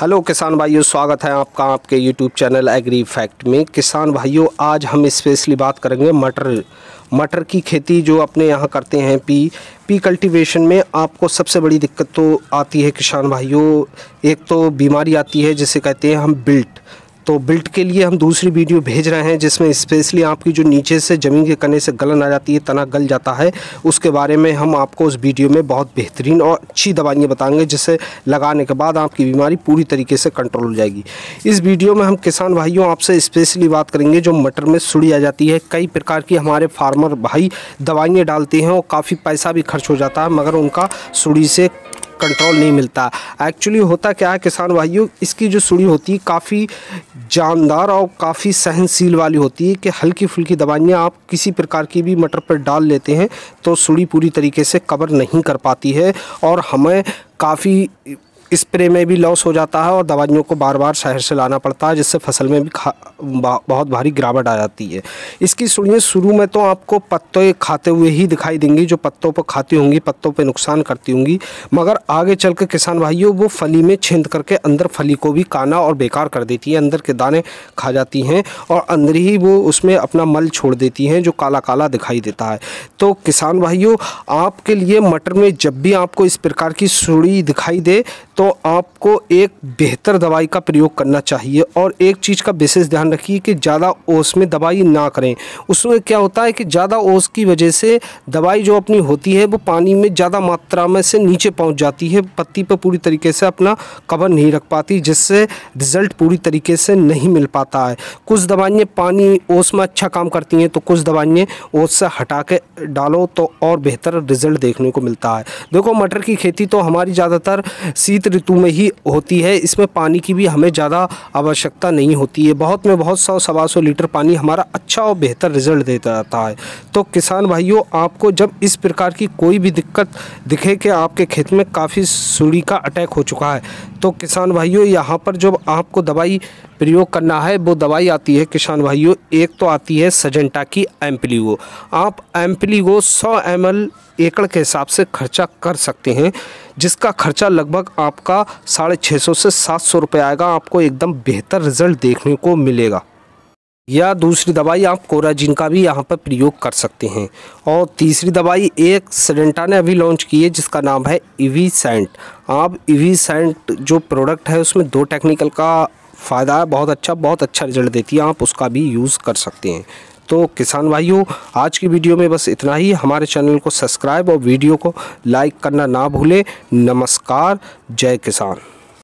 hello किसान भाइयों स्वागत है आपका आपके यूट्यूब चैनल एग्री फैक्ट में किसान भाइयों आज हम स्पेशली बात करेंगे मटर मटर की खेती जो अपने यहाँ करते हैं पी पी कल्टीवेशन में आपको सबसे बड़ी दिक्कत तो आती है किसान भाइयों एक तो बीमारी आती है जिसे कहते हैं हम बिल्ट तो बिल्ट के लिए हम दूसरी वीडियो भेज रहे हैं जिसमें स्पेशली आपकी जो नीचे से ज़मीन के कने से गलन आ जाती है तना गल जाता है उसके बारे में हम आपको उस वीडियो में बहुत बेहतरीन और अच्छी दवाइयाँ बताएंगे जिससे लगाने के बाद आपकी बीमारी पूरी तरीके से कंट्रोल हो जाएगी इस वीडियो में हम किसान भाइयों आपसे स्पेशली बात करेंगे जो मटर में सुड़ी आ जाती है कई प्रकार की हमारे फार्मर भाई दवाइयाँ डालते हैं और काफ़ी पैसा भी खर्च हो जाता है मगर उनका सुड़ी से कंट्रोल नहीं मिलता एक्चुअली होता क्या है किसान भाइयों इसकी जो सुड़ी होती है काफ़ी जानदार और काफ़ी सहनशील वाली होती है कि हल्की फुल्की दवाइयाँ आप किसी प्रकार की भी मटर पर डाल लेते हैं तो सुड़ी पूरी तरीके से कवर नहीं कर पाती है और हमें काफ़ी स्प्रे में भी लॉस हो जाता है और दवाइयों को बार बार शहर से लाना पड़ता है जिससे फसल में भी बहुत भारी गिरावट आ जाती है इसकी सुनिए शुरू में तो आपको पत्ते खाते हुए ही दिखाई देंगी जो पत्तों पर खाती होंगी पत्तों पर नुकसान करती होंगी मगर आगे चल कर किसान भाइयों वो फली में छिंद करके अंदर फली को भी काना और बेकार कर देती है अंदर के दाने खा जाती हैं और अंदर ही वो उसमें अपना मल छोड़ देती हैं जो काला काला दिखाई देता है तो किसान भाइयों आपके लिए मटर में जब भी आपको इस प्रकार की सुड़ी दिखाई दे तो आपको एक बेहतर दवाई का प्रयोग करना चाहिए और एक चीज़ का विशेष ध्यान रखिए कि ज़्यादा ओस में दवाई ना करें उसमें क्या होता है कि ज़्यादा ओस की वजह से दवाई जो अपनी होती है वो पानी में ज़्यादा मात्रा में से नीचे पहुंच जाती है पत्ती पर पूरी तरीके से अपना कवर नहीं रख पाती जिससे रिज़ल्ट पूरी तरीके से नहीं मिल पाता है कुछ दवाइयाँ पानी ओस में अच्छा काम करती हैं तो कुछ दवाइयाँ ओस से हटा के डालो तो और बेहतर रिज़ल्ट देखने को मिलता है देखो मटर की खेती तो हमारी ज़्यादातर शीत ऋतु में ही होती है इसमें पानी की भी हमें ज़्यादा आवश्यकता नहीं होती है बहुत में बहुत सौ सवा सौ लीटर पानी हमारा अच्छा और बेहतर रिजल्ट देता रहता है तो किसान भाइयों आपको जब इस प्रकार की कोई भी दिक्कत दिखे कि आपके खेत में काफ़ी सूढ़ी का अटैक हो चुका है तो किसान भाइयों यहाँ पर जब आपको दवाई प्रयोग करना है वो दवाई आती है किसान भाइयों एक तो आती है सजेंटा की एम्पलीगो आप एम्पलीगो 100 एम एकड़ के हिसाब से खर्चा कर सकते हैं जिसका खर्चा लगभग आपका साढ़े छः सौ से सात सौ रुपये आएगा आपको एकदम बेहतर रिजल्ट देखने को मिलेगा या दूसरी दवाई आप कोराजिन का भी यहाँ पर प्रयोग कर सकते हैं और तीसरी दवाई एक सेडेंटा ने अभी लॉन्च की है जिसका नाम है ईवी सेंट आप ईवी सेंट जो प्रोडक्ट है उसमें दो टेक्निकल का फ़ायदा है बहुत अच्छा बहुत अच्छा रिजल्ट देती है आप उसका भी यूज़ कर सकते हैं तो किसान भाइयों आज की वीडियो में बस इतना ही हमारे चैनल को सब्सक्राइब और वीडियो को लाइक करना ना भूलें नमस्कार जय किसान